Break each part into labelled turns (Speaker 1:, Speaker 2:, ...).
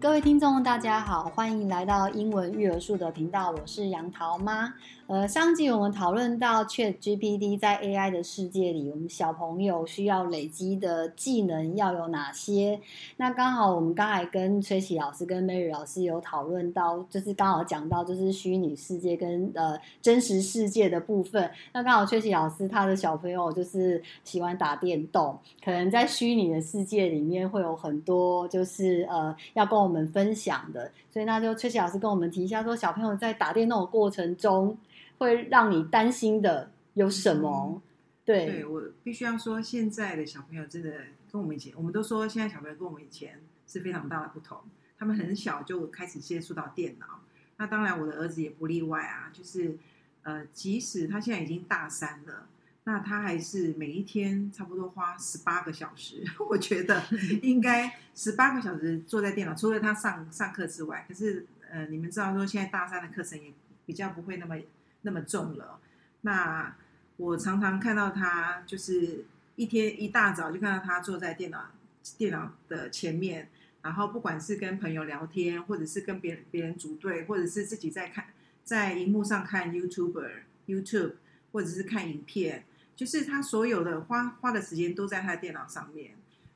Speaker 1: 各位聽眾，大家好，歡迎來到英文育兒樹的頻道，我是楊桃媽。呃，上集我們討論到 ChatGPT 在 AI 的世界裡，我們小朋友需要累積的技能要有哪些？那剛好我們剛才跟崔琦老師跟 Mary 老師有討論到，就是剛好講到就是虛擬世界跟呃真實世界的部分。那剛好崔琦老師他的小朋友就是喜歡打電動，可能在虛擬的世界裡面會有很多就是呃要跟。我們分享的，所以那就崔奇老師跟我們提一下，說小朋友在打電動的過程中會讓你擔心的有什麼？對，嗯、對
Speaker 2: 我必須要說，現在的小朋友真的跟我們以前，我們都說現在小朋友跟我們以前是非常大的不同，他們很小就開始接觸到電腦，那當然我的兒子也不例外啊，就是，呃、即使他現在已經大三了。那他還是每一天差不多花十八個小時，我覺得應該十八個小時坐在電腦，除了他上上課之外。可是，呃，你們知道說現在大三的課程也比較不會那麼那麼重了。那我常常看到他，就是一天一大早就看到他坐在電腦電腦的前面，然後不管是跟朋友聊天，或者是跟別別人組隊，或者是自己在看在熒幕上看 YouTuber、YouTube，或者是看影片。就是他所有的花花的時間都在他的電腦上面，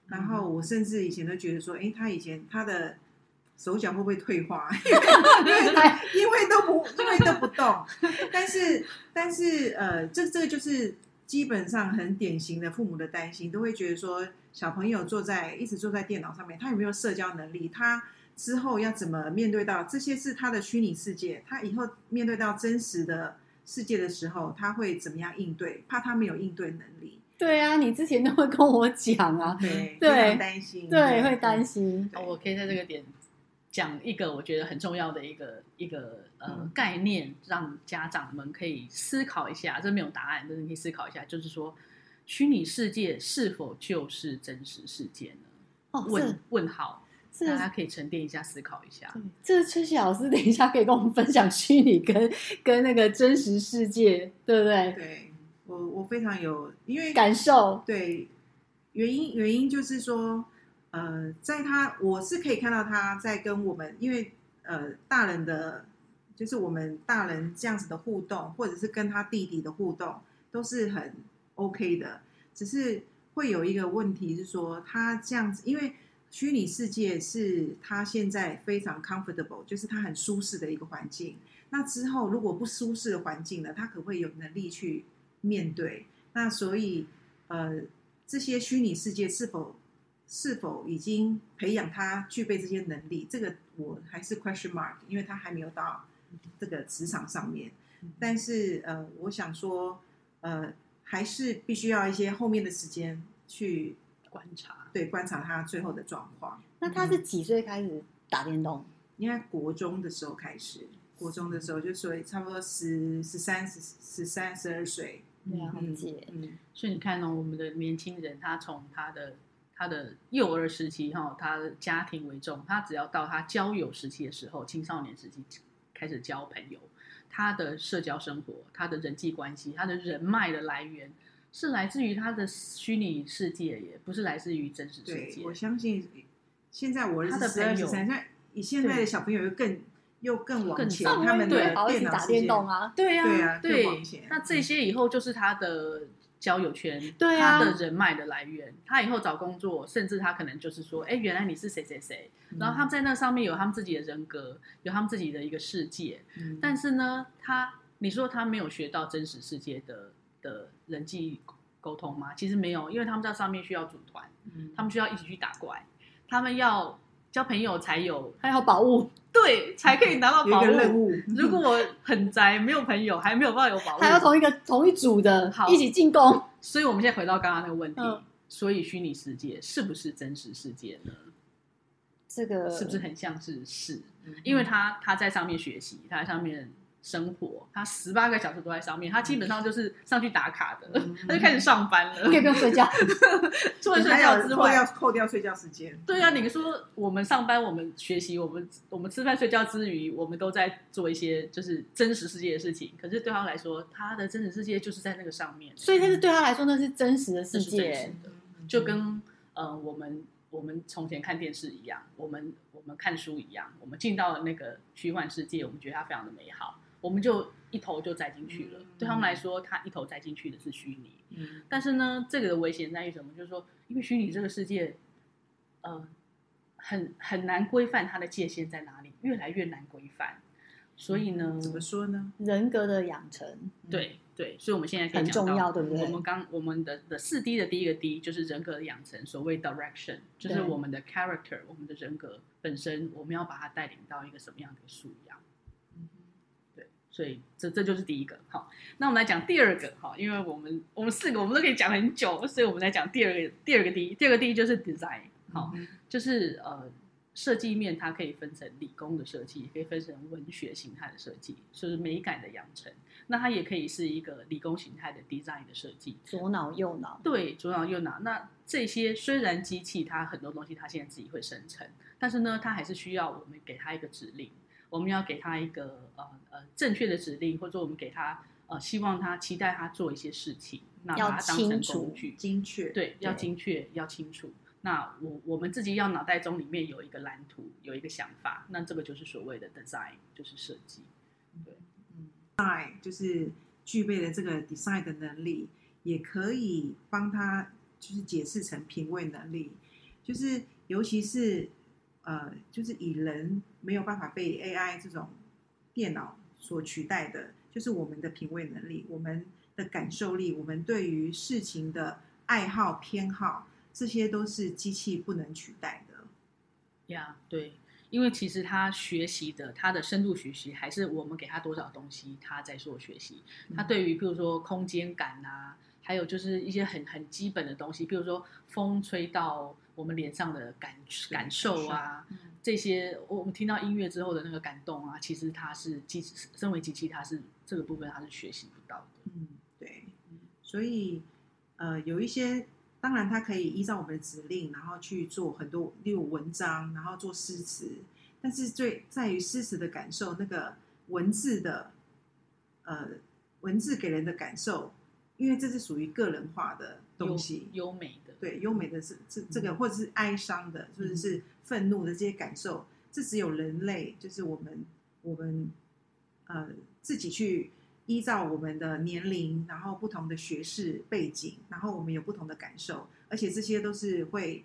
Speaker 2: 然後我甚至以前都覺得說，誒，他以前他的手腳會不會退化？因為因為都不因為都不動，但是但是呃，這這個就是基本上很典型的父母的擔心，都會覺得說，小朋友坐在一直坐在電腦上面，他有沒有社交能力？他之後要怎麼面對到這些是他的虛擬世界？他以後面對到真實的？世界的時候，他會怎麼樣應對？怕他沒有應對能力。對
Speaker 1: 啊，你之前都會跟我講啊，嗯、對，會擔對心，對，會擔心。對我可以
Speaker 3: 在這個點講一個我覺得很重要的一個一個呃概念，讓家長們可以思考一下。這沒有答案，真的可以思考一下，就是說，虛擬世界是否就是真實世界呢？哦，問問號。大家可以沉澱一下，思考一下這。
Speaker 1: 這個春熙老師，等一下可以跟我們分享虛擬跟是
Speaker 2: 跟那個真實世界，對不對？對，我我非常有因為感受。對，原因原因就是說，呃，在他我是可以看到他在跟我們，因為呃，大人的就是我們大人這樣子的互動，或者是跟他弟弟的互動，都是很 OK 的。只是會有一個問題是說，他這樣子，因為。虛擬世界是他現在非常 comfortable，就是他很舒適的一個環境。那之後如果不舒適的環境呢，他可會有能力去面對？那所以，呃，這些虛擬世界是否是否已經培養他具備這些能力？這個我還是 question mark，因為他還沒有到這個職場上面。但是呃，我想說，呃，還是必須要一些後面的時間去。觀察，對，觀察他最後的狀況。那他是幾歲開始打電動？嗯，應該國中的時候開始。國中的時候，就所以差不多十十三、十十三、十二歲。對啊，很嗯，嗯
Speaker 3: 嗯所以你看呢、哦，我們的年輕人，他從他的他的幼兒時期哈，他的家庭為重；他只要到他交友時期的時候，青少年時期開始交朋友，他的社交生活、他的人際關係、他的人脈的來源。是來自於他的
Speaker 2: 虛擬世界，也不是來自於真實世界。我相信現在我認識的朋友，那你現在的小朋友又更又更往前，他們對電腦打電動啊，對啊，對，
Speaker 3: 那這些以後就是他的交友圈，對，他的人脈的來源。他以後找工作，甚至他可能就是說，哎，原來你是誰誰誰，然後他們在那上面有他們自己的人格，有他們自己的一個世界。但是呢，他你說他沒有學到真實世界的。的人際溝通嗎？其實沒有，因為他們在上面需要組團，嗯、他們需要一起去打怪，他們要交朋友才有，才有寶物，對，才可以拿到寶物、嗯、任務， 如果我很宅，沒有朋友，還沒有辦法有寶物，還要
Speaker 1: 同一個同一組的好一起進
Speaker 3: 攻。所以，我們現在回到剛剛那個問題，嗯、所以虛擬世界是不是真實世界呢？
Speaker 1: 這個是不是很
Speaker 3: 像是是？嗯、因為他他在上面學習，他在上面。生活，他十八個小時都在上面，他基本上就是上去打卡的，嗯、 他就開始上班了，嗯、可以不要睡覺？做完 睡覺之後要，要
Speaker 2: 扣掉睡覺時間。
Speaker 3: 對啊，你說我們上班，我們學習，我們我們吃飯睡覺之餘，我們都在做一些就是真實世界的事情。可是對他來說，他的真實世界就是在那個上面，
Speaker 1: 所以那是對他來說那是真實的世界，嗯、是
Speaker 3: 的，就跟、呃、我們我們從前看電視一樣，我們我們看書一樣，我們進到了那個虛幻世界，我們覺得它非常的美好。我們就一頭就栽進去了。嗯、對他們來說，嗯、他一頭栽進去的是虛擬。嗯、但是呢，這個的危險在於什麼？就是說，因為虛擬這個世界，呃、很很難規範它的界限在哪裡，越來越難規範。所以呢，嗯、怎麼說呢？人
Speaker 1: 格的養成。對
Speaker 3: 對，所以我們現在很重要，對不對？我們剛我們的的四 D 的第一個 D 就是人格的養成，所謂 direction，就是我們的 character，對我們的人格本身，我們要把它帶領到一個什麼樣的素養？所以這這就是第一個好，那我們來講第二個好，因為我們我們四個我們都可以講很久，所以我們來講第二個第二個第一第二個第一就是 design 好，嗯嗯就是呃設計面，它可以分成理工的設計，可以分成文學形態的設計，就是美感的養成。那它也可以是一個理工形態的 design 的設計，左腦右腦，對左腦右腦。那這些雖然機器它很多東西它現在自己會生成，但是呢，它還是需要我們給它一個指令。我們要給他一個呃呃正確的指令，或者我們給他呃希望他期待他做一些事情，那把他當成工具，精確對，要精確對要清楚。那我我們自己要腦袋中裡面有一個藍圖，有一個想法，那這個就是所謂的 design，就是設計，
Speaker 2: 對，嗯，design、嗯、就是具備了這個 design 的能力，也可以幫他就是解釋成品味能力，就是尤其是。呃，就是以人沒有辦法被 AI 這種電腦所取代的，就是我們的品味能力、我們的感受力、我們對於事情的愛好偏好，這些都是機器不能取代的。
Speaker 3: 呀，yeah, 對，因為其實他學習的，他的深度學習還是我們給他多少東西，他在做學習。他對於，比如說空間感啊，還有就是一些很很基本的東西，比如說風吹到。我們臉上的感是感受啊，嗯、這些我們聽到音樂之後的那個感動啊，其實它是機，身為機器，它是
Speaker 2: 這個部分它是學習不到的。嗯，對，所以呃，有一些當然它可以依照我們的指令，然後去做很多，例如文章，然後做詩詞，但是最在於詩詞的感受，那個文字的呃文字給人的感受，因為這是屬於個人化的東西，優美。對，優美的這這這個，或者是哀傷的，或者、嗯、是,是憤怒的這些感受，嗯、這只有人類，就是我們我們，呃，自己去依照我們的年齡，然後不同的學識背景，然後我們有不同的感受，而且這些都是會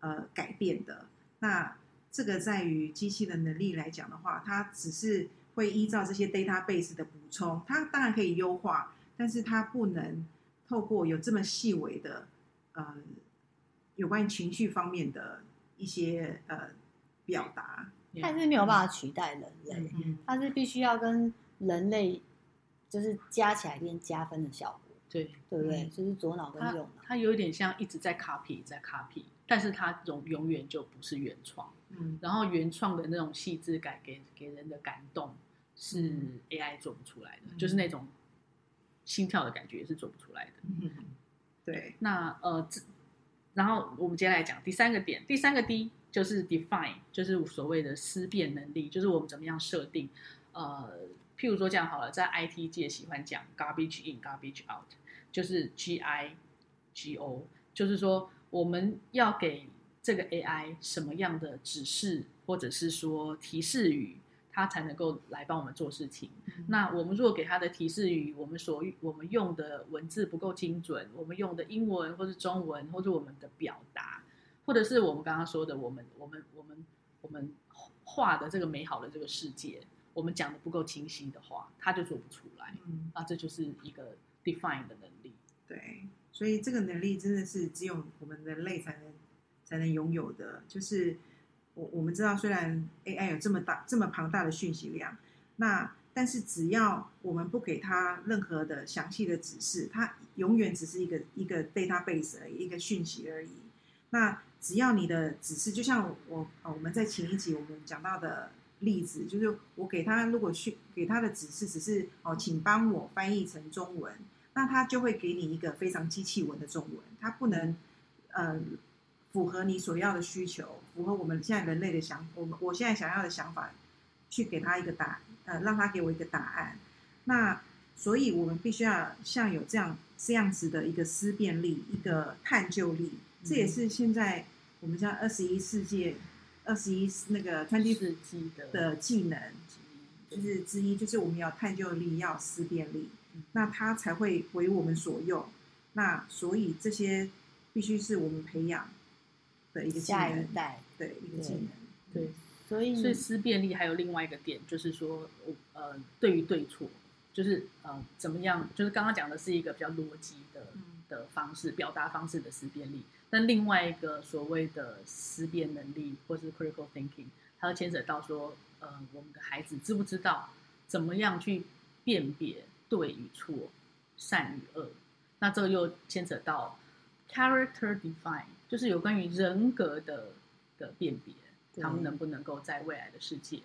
Speaker 2: 呃改變的。那這個在於機器的能力來講的話，它只是會依照這些 data base 的補充，它當然可以優化，但是它不能透過有這麼細微的呃。有關於情緒方面的一些呃表達，它是沒有辦法取代人類，它、嗯、是必須要跟人類
Speaker 1: 就是加起來變加分的效果，對，對不對？嗯、就是左腦跟右腦它有點
Speaker 3: 像一直在 copy 在 copy，但是它永永遠就不是原創，嗯、然後原創的那種細緻感給給人的感動是 AI 做不出來的，嗯、就是那種心跳的感覺也是做不出來的，嗯、對，那呃。然後我們接下來講第三個點，第三個 D 就是 define，就是所謂的思辨能力，就是我們怎麼樣設定，呃，譬如說這樣好了，在 IT 界喜歡講 garbage in, garbage out，就是 GIGO，就是說我們要給這個 AI 什麼樣的指示，或者是說提示語。他才能夠來幫我們做事情。嗯、那我們如果給他的提示語，我們所我們用的文字不夠精準，我們用的英文或者中文或者我們的表達，或者是我們剛剛說的我們我們我們我們畫的這個美好的這個世界，我們講的不夠清晰的話，他就做不出來。嗯、
Speaker 2: 那這就是一個 define 的能力。對，所以這個能力真的是只有我們人類才能才能擁有的，就是。我我們知道，雖然 AI 有這麼大這麼龐大的訊息量，那但是只要我們不給它任何的詳細的指示，它永遠只是一個一個 database 一個訊息而已。那只要你的指示，就像我哦我們在前一集我們講到的例子，就是我給它如果去給它的指示只是哦請幫我翻譯成中文，那它就會給你一個非常機器文的中文，它不能呃。符合你所要的需求，符合我們現在人類的想，我我現在想要的想法，去給他一個答案，呃，讓他給我一個答案。那所以，我們必須要像有這樣這樣子的一個思辨力，一個探究力，這也是現在我們叫二十一世紀，二十一那個 twenty first 的技能，就是之一，就是我們要探究力，要思辨力，那它才會為我們所用。那所以這些必須是我們培養。的一個下一代對一
Speaker 3: 個技能，能，對，嗯、對，所以所以思辨力還有另外一個點，就是說，呃，對於對錯，就是呃，怎麼樣，就是剛剛講的是一個比較邏輯的的方式，表達方式的思辨力。但另外一個所謂的思辨能力，或是 critical thinking，它要牽扯到說，呃，我們的孩子知不知道怎麼樣去辨別對與錯、善與惡？那這又牽扯到 character define。就是有關於人格的的辨別，他們能不能夠在未來的世界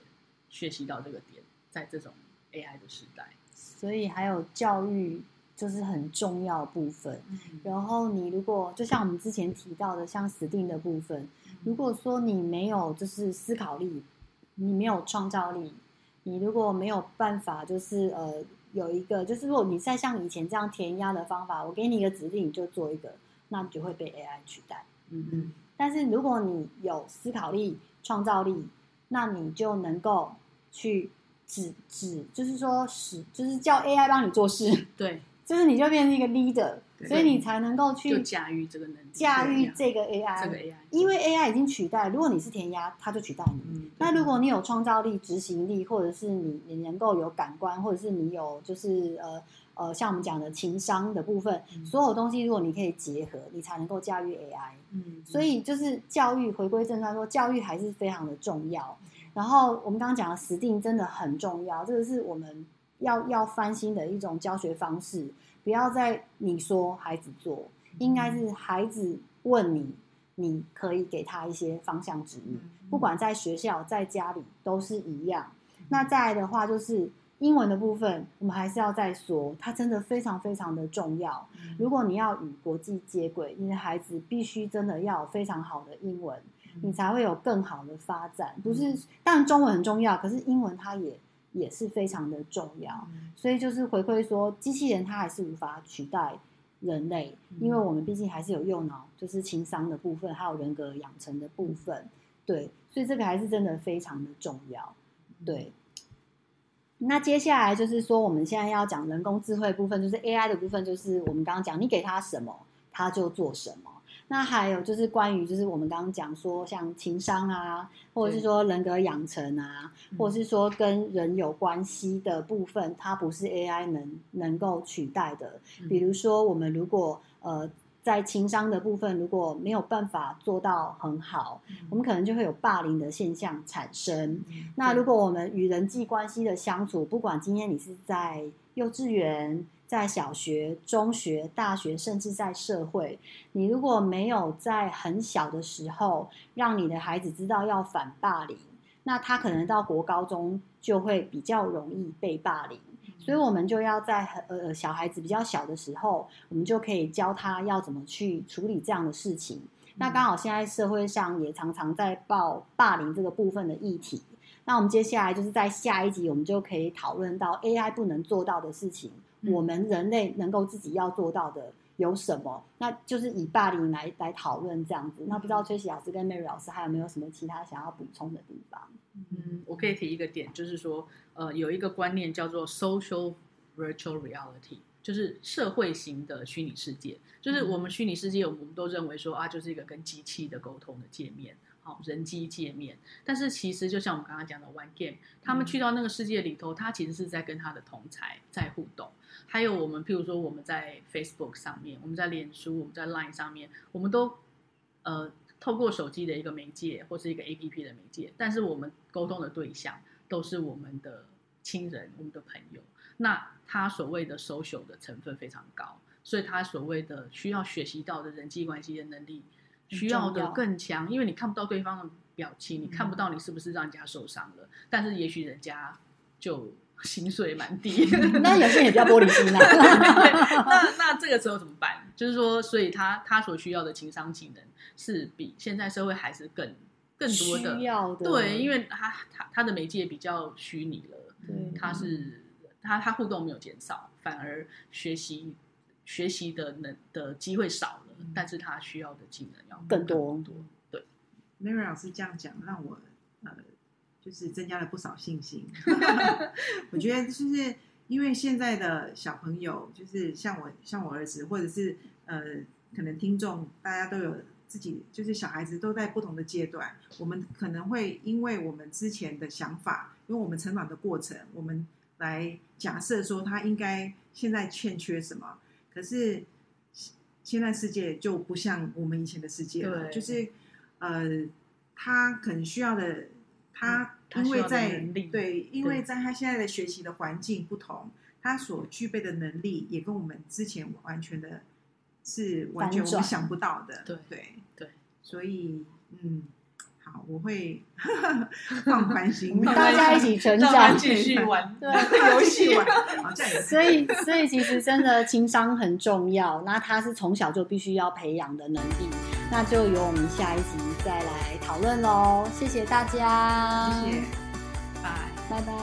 Speaker 3: 學習到這個點，在這種 AI 的時代，
Speaker 1: 所以還有教育就是很重要的部分。嗯、然後你如果就像我們之前提到的，像 STEAM 的部分，如果說你沒有就是思考力，你沒有創造力，你如果沒有辦法就是呃有一個，就是如果你再像以前這樣填鴨的方法，我給你一個指令，你就做一個，那你就會被 AI 取代。嗯嗯，但是如果你有思考力、創造力，那你就能夠去指指，就是說使，就是叫 AI 幫你做事。對，就是你就變成一個 leader，對所以你才能夠去駕馭這個能力，駕馭這個 AI。這個 AI，因為 AI 已經取代，如果你是填鴨，它就取代你。嗯嗯，那如果你有創造力、執行力，或者是你你能夠有感官，或者是你有就是呃。呃，像我們講的情商的部分，嗯、所有東西如果你可以結合，你才能夠駕馭 AI。嗯嗯、所以就是教育回歸正道，說教育還是非常的重要。嗯、然後我們剛剛講的識定真的很重要，這個是我們要要翻新的一種教學方式。不要再你說孩子做，嗯、應該是孩子問你，你可以給他一些方向指引。嗯嗯、不管在學校在家裡都是一樣。嗯、那再來的話就是。英文的部分，我們還是要再說，它真的非常非常的重要。如果你要與國際接軌，你的孩子必須真的要有非常好的英文，你才會有更好的發展。不是，但中文很重要，可是英文它也也是非常的重要。所以就是回饋說，機器人它還是無法取代人類，因為我們畢竟還是有用腦，就是情商的部分，還有人格養成的部分。對，所以這個還是真的非常的重要。對。那接下來就是說，我們現在要講人工智慧部分，就是 AI 的部分，就是我們剛剛講，你給他什麼，他就做什麼。那還有就是關於，就是我們剛剛講說，像情商啊，或者是說人格養成啊，對或者是說跟人有關係的部分，它不是 AI 能能夠取代的。比如說，我們如果呃。在情商的部分，如果沒有辦法做到很好，我們可能就會有霸凌的現象產生。那如果我們與人際關係的相處，不管今天你是在幼稚園、在小學、中學、大學，甚至在社會，你如果沒有在很小的時候讓你的孩子知道要反霸凌，那他可能到國高中就會比較容易被霸凌。所以我們就要在呃小孩子比較小的時候，我們就可以教他要怎麼去處理這樣的事情。那剛好現在社會上也常常在報霸凌這個部分的議題。那我們接下來就是在下一集，我們就可以討論到 AI 不能做到的事情，我們人類能夠自己要做到的。有什麼？那就是以霸凌來來討論這樣子。那不知道崔西老師跟 Mary 老師還有沒有什麼其他想要補充的地方？嗯，
Speaker 3: 我可以提一個點，就是說，呃，有一個觀念叫做 social virtual reality，就是社會型的虛擬世界。就是我們虛擬世界，我們都認為說啊，就是一個跟機器的溝通的界面，好、哦，人機界面。但是其實就像我們剛剛講的，one game，他們去到那個世界裡頭，他其實是在跟他的同儕在互動。還有我們，譬如說我們在 Facebook 上面，我們在臉書，我們在 Line 上面，我們都，呃，透過手機的一個媒介或是一個 APP 的媒介，但是我們溝通的對象都是我們的親人、嗯、我們的朋友。那他所謂的 social 的成分非常高，所以他所謂的需要學習到的人際關係的能力，要需要的更強，因為你看不到對方的表情，嗯、你看不到你是不是讓人家受傷了，但是也許人家就。薪水蠻低， 那有些也比較玻璃心啊。 那那這個時候怎麼辦？就是說，所以他他所需要的情商技能是比現在社會還是更
Speaker 1: 更多的。要的，對，因為
Speaker 3: 他他他的媒介比較虛擬了，嗯、他是他他互動沒有減少，反而學習學習的能的機會少了，嗯、但是他
Speaker 2: 需要的技能要更多更多。對，Mary 老師這樣講，讓我、呃就是增加了不少信心， 我覺得就是因為現在的小朋友，就是像我像我兒子，或者是呃，可能聽眾大家都有自己，就是小孩子都在不同的階段，我們可能會因為我們之前的想法，因為我們成長的過程，我們來假設說他應該現在欠缺什麼，可是現在世界就不像我們以前的世界了，就是呃，他可能需要的。他因為在、嗯、對，因為在他現在的學習的環境不同，對他所具備的能力也跟我們之前完全的是完全我們想不到的。對對轉對，對對所以嗯，好，我會呵呵放寬心， 我們大家一起成長，繼 續玩對遊戲玩。啊、 所
Speaker 1: 以所以其實真的情商很重要，那他是從小就必須要培養的能力。那就由我們下一集再來討論咯，謝謝大家，
Speaker 2: 謝謝，拜拜拜拜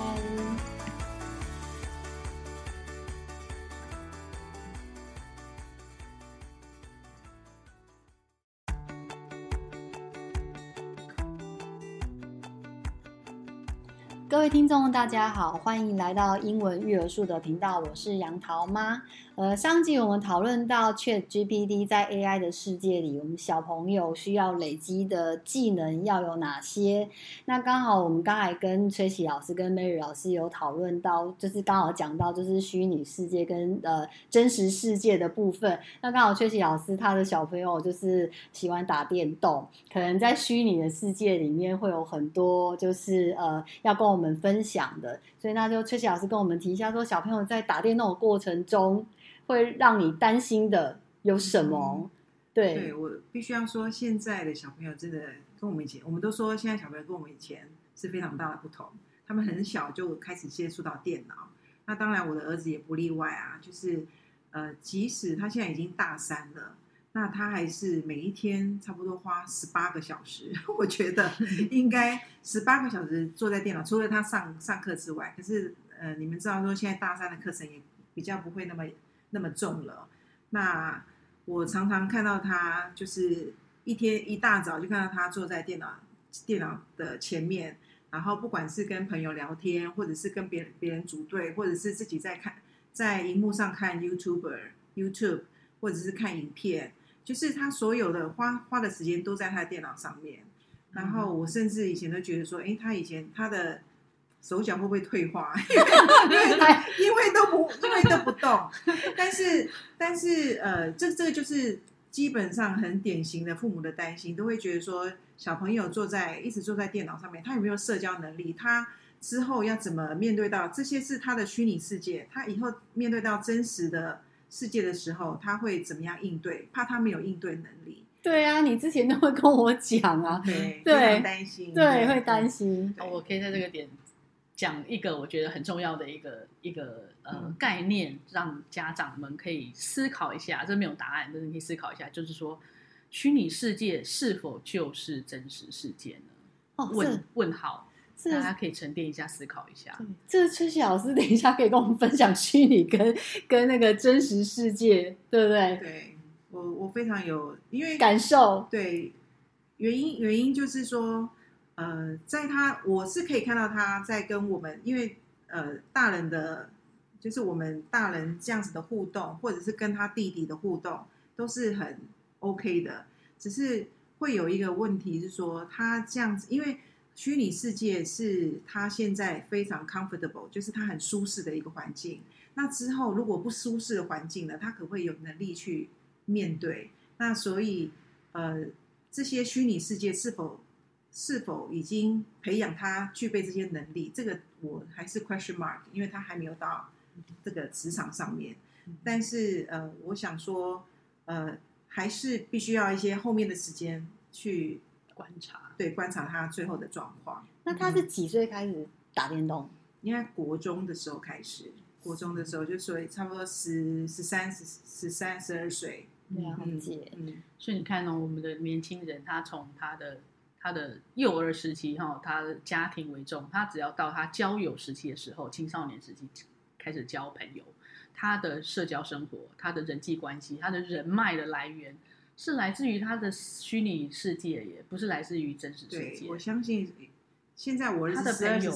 Speaker 1: 各位聽眾，大家好，歡迎來到英文育兒術的頻道，我是楊桃媽。呃，上集我們討論到，ChatGPT 在 AI 的世界裡，我們小朋友需要累積的技能要有哪些？那剛好我們剛才跟崔琦老師跟 Mary 老師有討論到，就是剛好講到就是虛擬世界跟呃真實世界的部分。那剛好崔琦老師他的小朋友就是喜歡打電動，可能在虛擬的世界裡面會有很多就是呃要跟我們分享的，所以那就崔琦老師跟我們提一下，說小朋友在打電動的過程中，會讓你擔心的有什麼？對、嗯，
Speaker 2: 對，對我必須要說，現在的小朋友真的跟我們以前，我們都說現在小朋友跟我們以前是非常大的不同。他們很小就開始接觸到電腦，那當然我的兒子也不例外啊。就是、呃、即使他現在已經大三了，那他還是每一天差不多花十八個小時。我覺得應該十八個小時坐在電腦，除了他上上課之外。可是、呃、你們知道說現在大三的課程也比較不會那麼。那麼重了，那我常常看到他，就是一天一大早就看到他坐在電腦電腦的前面，然後不管是跟朋友聊天，或者是跟別人別人組隊，或者是自己在看在熒幕上看 YouTube YouTube，或者是看影片，就是他所有的花花的時間都在他的電腦上面。然後我甚至以前都覺得說，欸，他以前他的。手腳會不會退化？ 因為都不，因為都不動，但是但是呃，這這個就是基本上很典型的父母的擔心，都會覺得說小朋友坐在一直坐在電腦上面，他有沒有社交能力？他之後要怎麼面對到這些是他的虛擬世界？他以後面對到真實的世界的時候，他會怎麼樣應對？怕他沒有應對能力。
Speaker 1: 對啊，你之前都會跟我講啊，對，對擔心，對，對，會擔心。
Speaker 3: 我可以在這個點。講一個我覺得很重要的一個一個呃、嗯、概念，讓家長們可以思考一下。這沒有答案，真的可以思考一下，就是說，虛擬世界是否就是真實世界呢？哦、問問號是大家可以沉澱一下，思考一下。
Speaker 1: 這是崔奇老師，等一下可以跟我們分享虛擬跟
Speaker 2: 跟那個真實世界，對不對？對，我我非常有因為感受，對原因原因就是說。呃，在他我是可以看到他在跟我們，因為呃，大人的就是我們大人這樣子的互動，或者是跟他弟弟的互動，都是很 OK 的。只是會有一個問題是說，他這樣子，因為虛擬世界是他現在非常 comfortable，就是他很舒適的一個環境。那之後如果不舒適的環境呢，他可會有能力去面對？那所以呃，這些虛擬世界是否？是否已經培養他具備這些能力？這個我還是 question mark，因為他還沒有到這個職場上面。但是呃，我想說，呃，還是必須要一些後面的時間去觀察，對，觀察他最後的狀況。那他是幾歲開始打電動、嗯？應該國中的時候開始。國中的時候就所以差不多十十三十十三,十,三十二歲，對、嗯、啊，很
Speaker 3: 早、
Speaker 2: 嗯。嗯,嗯，
Speaker 3: 所以你看呢、哦，我們的年輕人他從他的。他的幼兒時期，哈，他的家庭為重。他只要到他交友時期的時候，青少年時期開始交朋友，他的社交生活、他的人際關係、他的人脈的來源，是來自於他的虛擬世界，也不是來自於真實世界。我相信現在我認識的朋友，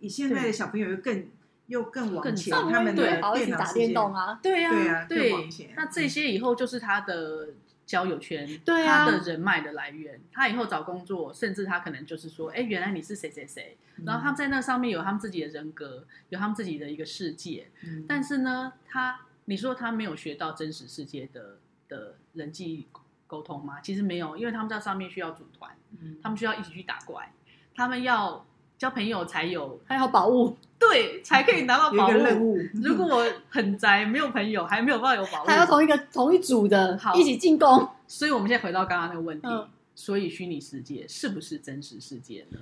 Speaker 3: 你現在的小
Speaker 2: 朋友又更對又更往前，對他們的電腦世界，對啊，對啊，對，更往前，
Speaker 3: 那這些以後就是他的。嗯交友圈，對啊，他的人脈的來源，他以後找工作，甚至他可能就是說，哎、欸，原來你是誰誰誰，嗯、然後他們在那上面有他們自己的人格，有他們自己的一個世界，嗯、但是呢，他，你說他沒有學到真實世界的的人際溝通嗎？其實沒有，因為他們在上面需要組團，嗯，他們需要一起去打怪，他們要。交朋友才有，才有寶物，對，才可以拿到寶物、嗯、 如果我很宅，沒有朋友，還沒有辦法有寶物。他要
Speaker 1: 同一個同一組的，
Speaker 3: 一起進攻。所以，我們現在回到剛剛那個問題，嗯、所以虛擬世界是不是真實世界呢？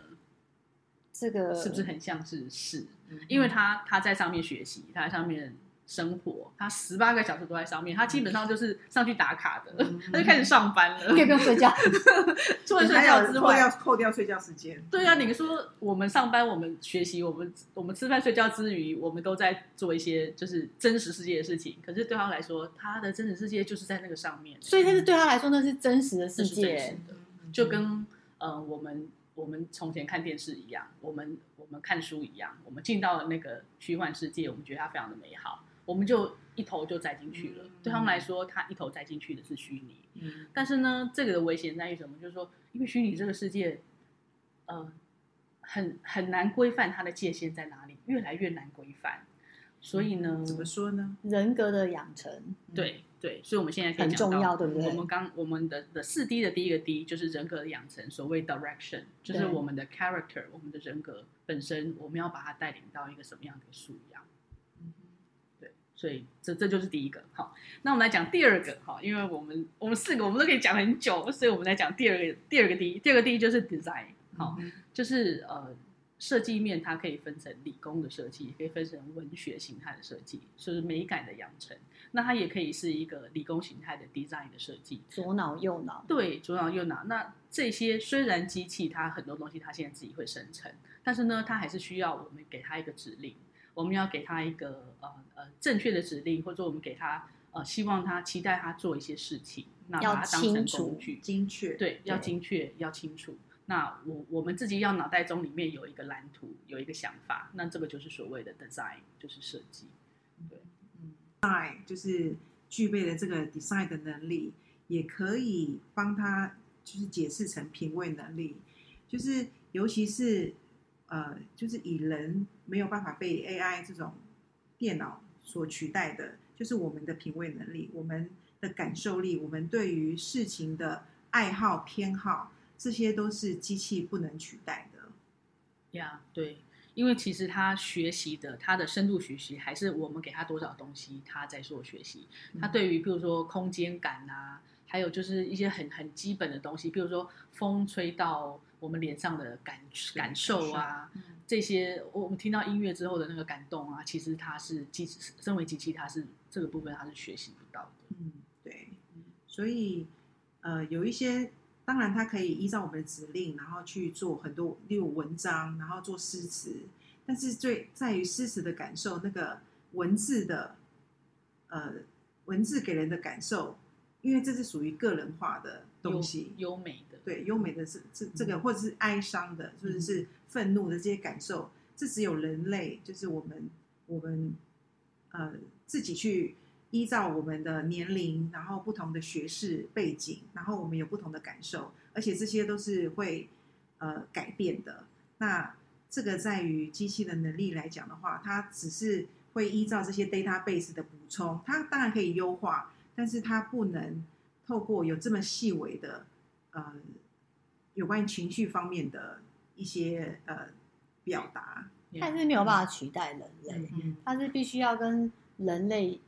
Speaker 3: 這個、嗯、是不是很像是是？嗯、因為他他在上面學習，他在上面。生活，他十八個小時都在上面，他基本上就是上去打卡的，他就、嗯嗯嗯、開始上班了。可以不用睡覺， 做
Speaker 2: 了睡覺之後，要扣，扣掉睡覺時間。
Speaker 3: 對啊，你說我們上班我們，我們學習，我們我們吃飯睡覺之餘，我們都在做一些就是真實世界的事情。可是對他來說，他的真實世界就是在那個上面，
Speaker 1: 所以那是對他來說那是真實的世界，嗯、
Speaker 3: 就跟呃我們我們從前看電視一樣，我們我們看書一樣，我們進到了那個虛幻世界，我們覺得它非常的美好。我們就一頭就栽進去了。對他們來說，嗯、他一頭栽進去的是虛擬。嗯，但是呢，這個的危險在於什麼？就是說，因為虛擬這個世界，呃，很很難規範它的界限在哪裡，越來越難規範。所以呢，怎麼、嗯、說呢？
Speaker 1: 人格的養成。對
Speaker 3: 對，所以我們現在可以講到很重要對不對？的，我們剛我們的的四 D 的第一個 D 就是人格的養成，所謂 direction 就是我們的 character，對我們的人格本身，我們要把它帶領到一個什麼樣的素養？所以這這就是第一個，好，那我們來講第二個好，因為我們我們四個我們都可以講很久，所以我們來講第二個第二個第一第二個第一就是 design 好，嗯嗯，就是呃設計面，它可以分成理工的設計，也可以分成文學形態的設計，就是美感的養成。那它也可以是一個理工形態的 design 的設計。左腦右腦，對，左腦右腦，那這些雖然機器它很多東西它現在自己會生成，但是呢，它還是需要我們給它一個指令。我們要給他一個呃呃正確的指令，或者我們給他呃希望他期待他做一些事情，那要把它當成工具，精確對，要精確，對，要清楚。那我我們自己要腦袋中裡面有一個藍圖，有一個想法，那這個就是所謂的 design，就是設計，
Speaker 2: 對，嗯，design 就是具備了這個 design 的能力，也可以幫他就是解釋成品味能力，就是尤其是。呃，就是以人沒有辦法被 AI 這種電腦所取代的，就是我們的品味能力、我們的感受力、我們對於事情的愛好偏好，這些都是機器不能取代的。呀
Speaker 3: ，yeah, 對，因為其實他學習的，他的深度學習還是我們給他多少東西，他在做學習。嗯。他對於，比如說空間感啊，還有就是一些很很基本的東西，比如說風吹到。我們臉上的感感受啊，受這些我們聽到音樂之後的那個感動啊，嗯，其實它是機，身為機器，它
Speaker 2: 是這個部分它是學習不到的。嗯，對，所以呃，有一些當然它可以依照我們的指令，然後去做很多，例如文章，然後做詩詞，但是最在於詩詞的感受，那個文字的呃文字給人的感受，因為這是屬於個人化的東西，優美。對，優美的這這這個，或者是哀傷的，或者、嗯、是、是憤怒的這些感受，嗯、這只有人類，就是我們我們，呃，自己去依照我們的年齡，然後不同的學識背景，然後我們有不同的感受，而且這些都是會呃改變的。那這個在於機器的能力來講的話，它只是會依照這些 database 的補充，它當然可以優化，但是它不能透過有這麼細微的。呃，有關於情緒方面的一些呃表達，它是沒有辦法取代人類，
Speaker 1: 它、嗯、是必須要跟人類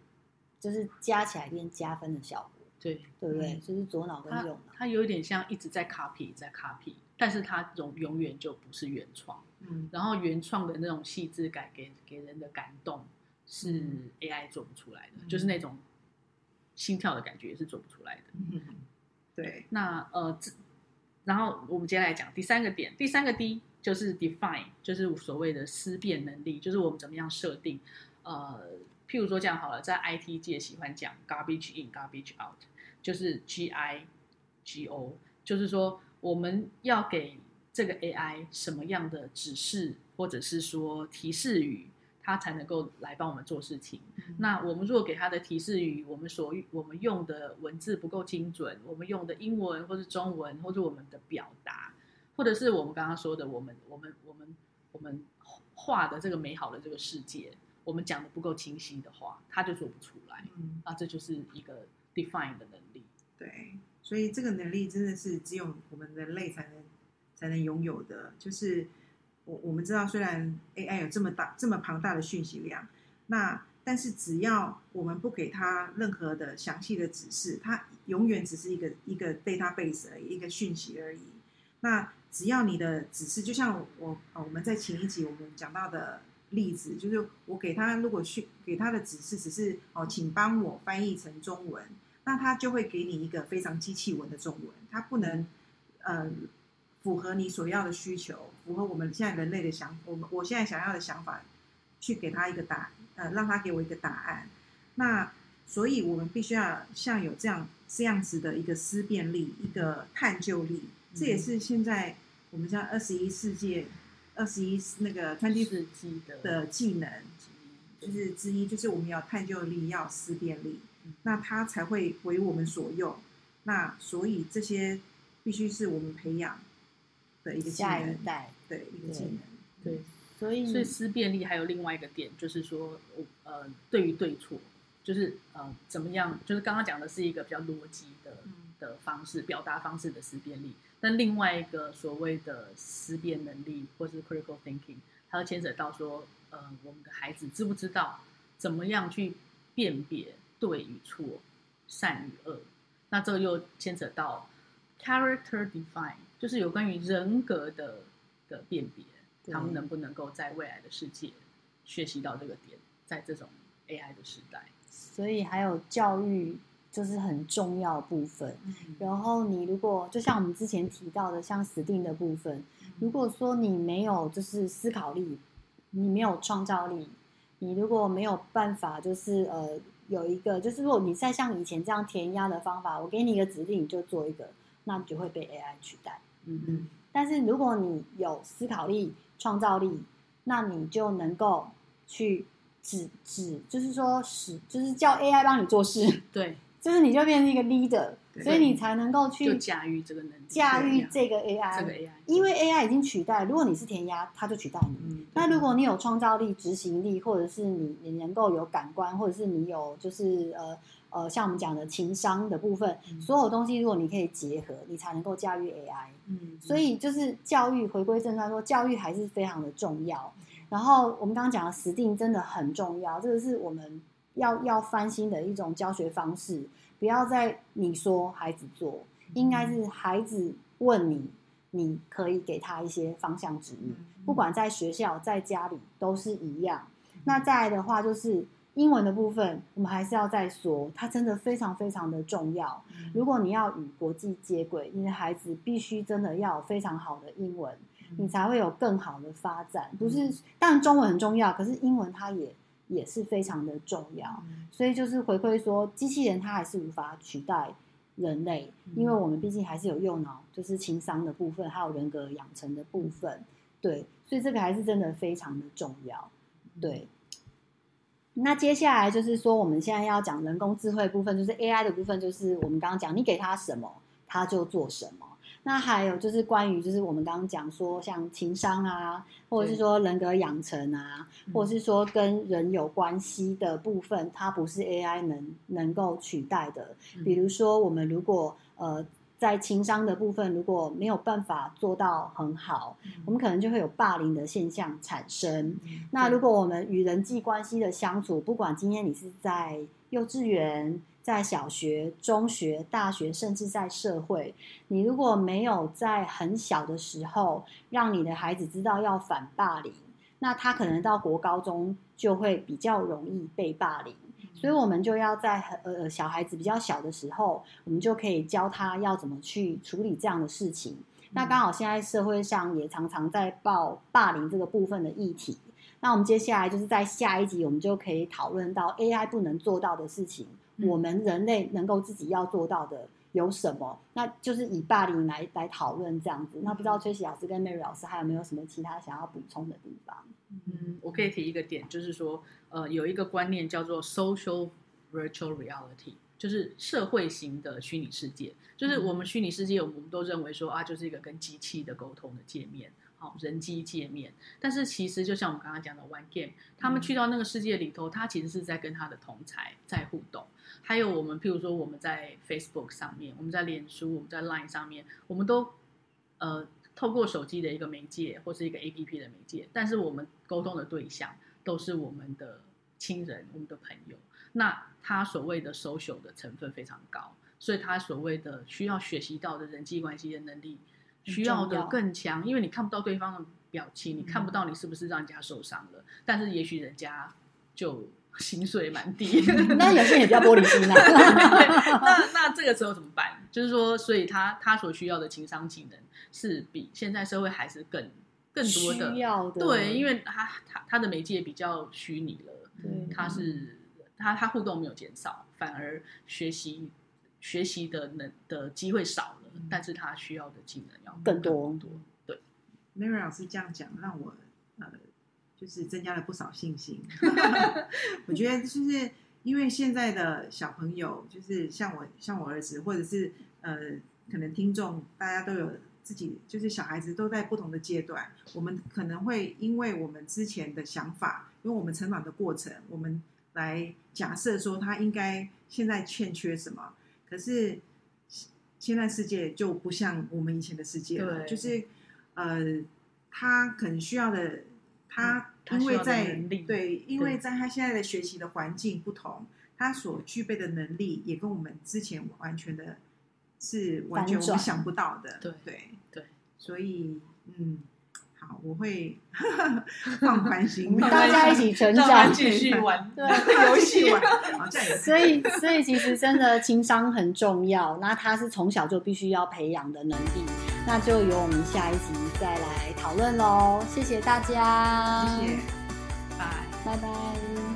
Speaker 1: 就是加起來變加分的效果，對對不對？嗯、就是左腦跟右腦，
Speaker 3: 它有一點像一直在 copy，在 copy，但是它永永遠就不是原創，嗯，然後原創的那種細緻感給給人的感動是 AI 做不出來的，嗯、就是那種心跳的感覺也是做不出來的。嗯對，那呃這，然後我們接下來講第三個點，第三個 D 就是 define，就是所謂的思辨能力，就是我們怎麼樣設定，呃，譬如說這樣好了，在 IT 界喜歡講 garbage in garbage out，就是 G I G O，就是說我們要給這個 AI 什麼樣的指示，或者是說提示語。他才能夠來幫我們做事情。那我們如果給他的提示語，我們所我們用的文字不夠精準，我們用的英文或者中文，或者我們的表達，或者是我們剛剛說的我，我們我們我們我們畫的這個美好的這個世界，我們講的不夠清晰的話，他就
Speaker 2: 做不出來。那這就是一個 define 的能力。對，所以這個能力真的是只有我們人類才能才能擁有的，就是。我我們知道，雖然 AI 有這麼大這麼龐大的訊息量，那但是只要我們不給他任何的詳細的指示，它永遠只是一個一個 database 而已，一個訊息而已。那只要你的指示，就像我我們在前一集我們講到的例子，就是我給它如果去給它的指示只是哦，請幫我翻譯成中文，那它就會給你一個非常機器文的中文，它不能呃符合你所要的需求。符合我們現在人類的想，我們我現在想要的想法，去給他一個答，呃，讓他給我一個答案。那，所以我們必須要像有這樣這樣子的一個思辨力、一個探究力，這也是現在我們像二十一世紀，二十一那個三 D 是幾的技能，就是之一，就是我們要探究力、要思辨力，那他才會為我們所用。那所以這些必須是我們培養。的一個下一代對
Speaker 3: 一個技能，對，對嗯、所以所以思辨力還有另外一個點，就是說，呃，對於對錯，就是呃，怎麼樣，就是剛剛講的是一個比較邏輯的的方式，表達方式的思辨力。但另外一個所謂的思辨能力，或是 critical thinking，它牽扯到說，呃，我們的孩子知不知道怎麼樣去辨別對與錯、善與惡？那這又牽扯到 character define。就是有關於人格的的辨別，他們能不能夠在未來的世界學習到這個點，在這種 AI 的時代，
Speaker 1: 所以還有教育就是很重要的部分。嗯，然後你如果就像我們之前提到的，像 STEAM 的部分，如果說你沒有就是思考力，你沒有創造力，你如果沒有辦法就是呃有一個就是如果你再像以前這樣填鴨的方法，我給你一個指令，你就做一個，那你就會被 AI 取代。嗯嗯，但是如果你有思考力、創造力，那你就能夠去指指，就是、就是說使，就是叫 AI 幫你做事。對，就是你就變成一個 leader，對所以你才能夠去駕馭這個能力，駕馭這個 AI。這個 AI，因為 AI 已經取代，如果你是填鴨，它就取代你。對那如果你有創造力、執行力，或者是你你能夠有感官，或者是你有就是呃。呃，像我們講的情商的部分，嗯、所有東西如果你可以結合，你才能夠駕馭 AI。嗯嗯、所以就是教育回歸正傳，說教育還是非常的重要。嗯、然後我們剛剛講的 STEAM 真的很重要，這個是我們要要翻新的一種教學方式。不要在你說孩子做，應該是孩子問你，你可以給他一些方向指引。嗯嗯、不管在學校在家裡都是一樣。嗯、那再來的話就是。英文的部分，我們還是要再說，它真的非常非常的重要。如果你要與國際接軌，你的孩子必須真的要有非常好的英文，你才會有更好的發展。不是，當然中文很重要，可是英文它也也是非常的重要。所以就是回饋說，機器人它還是無法取代人類，因為我們畢竟還是有用腦，就是情商的部分，還有人格養成的部分。對，所以這個還是真的非常的重要。對。那接下來就是說，我們現在要講人工智慧部分，就是 AI 的部分，就是我們剛剛講，你給他什麼，他就做什麼。那還有就是關於，就是我們剛剛講說，像情商啊，或者是說人格養成啊，對或者是說跟人有關係的部分，它不是 AI 能能夠取代的。比如說，我們如果呃。在情商的部分，如果沒有辦法做到很好，我們可能就會有霸凌的現象產生。那如果我們與人際關係的相處，不管今天你是在幼稚園、在小學、中學、大學，甚至在社會，你如果沒有在很小的時候讓你的孩子知道要反霸凌，那他可能到國高中就會比較容易被霸凌。所以，我們就要在呃小孩子比較小的時候，我們就可以教他要怎麼去處理這樣的事情。那剛好現在社會上也常常在報霸凌這個部分的議題。那我們接下來就是在下一集，我們就可以討論到 AI 不能做到的事情，我們人類能夠自己要做到的有什麼？那就是以霸凌來來討論這樣子。那不知道崔奇老師跟 Mary 老師還有沒有什麼其他想要補充的地方？嗯，我可以提一個點，就是說，呃，有一個觀念叫做 social
Speaker 3: virtual reality，就是社會型的虛擬世界。就是我們虛擬世界，我們都認為說啊，就是一個跟機器的溝通的界面，好、哦，人機界面。但是其實就像我們剛剛講的，玩 game，他們去到那個世界裡頭，他其實是在跟他的同儕在互動。還有我們，譬如說我們在 Facebook 上面，我們在臉書，我們在 Line 上面，我們都，呃。透過手機的一個媒介或是一個 APP 的媒介，但是我們溝通的對象都是我們的親人、嗯、我們的朋友。那他所謂的 social 的成分非常高，所以他所謂的需要學習到的人際關係的能力，要需要的更強，因為你看不到對方的表情，你看不到你是不是讓人家受傷了，嗯、但是也許人家就。薪水蠻低， 那有些人也比較玻璃心了。 那那這個時候怎麼辦？就是說，所以他他所需要的情商技能是比現在社會還是更更多的，需要
Speaker 1: 的對，因為
Speaker 3: 他他他的媒介比較虛擬了，嗯、他是他他互動沒有減少，反而學習學習的能的機會少了，嗯、
Speaker 2: 但是他需要的技能要多更多多 Mary 對老師這樣講，讓我就是增加了不少信心， 我覺得就是因為現在的小朋友，就是像我像我兒子，或者是呃，可能聽眾大家都有自己，就是小孩子都在不同的階段，我們可能會因為我們之前的想法，因為我們成長的過程，我們來假設說他應該現在欠缺什麼，可是現在世界就不像我們以前的世界了，就是呃，他可能需要的他。因為在對，因為在他現在的學習的環境不同，對他所具備的能力也跟我們之前完全的是完全我們想不到的。對對轉對，對對，所以嗯，好，我會呵呵放寬心， 我們大家一起成長，繼續玩對，遊戲玩。好像也是 所以
Speaker 1: 所以其實真的情商很重要，那他是從小就必須要培養的能力。那就由我們下一集再來討論嘍，謝謝大家，謝謝，拜拜拜。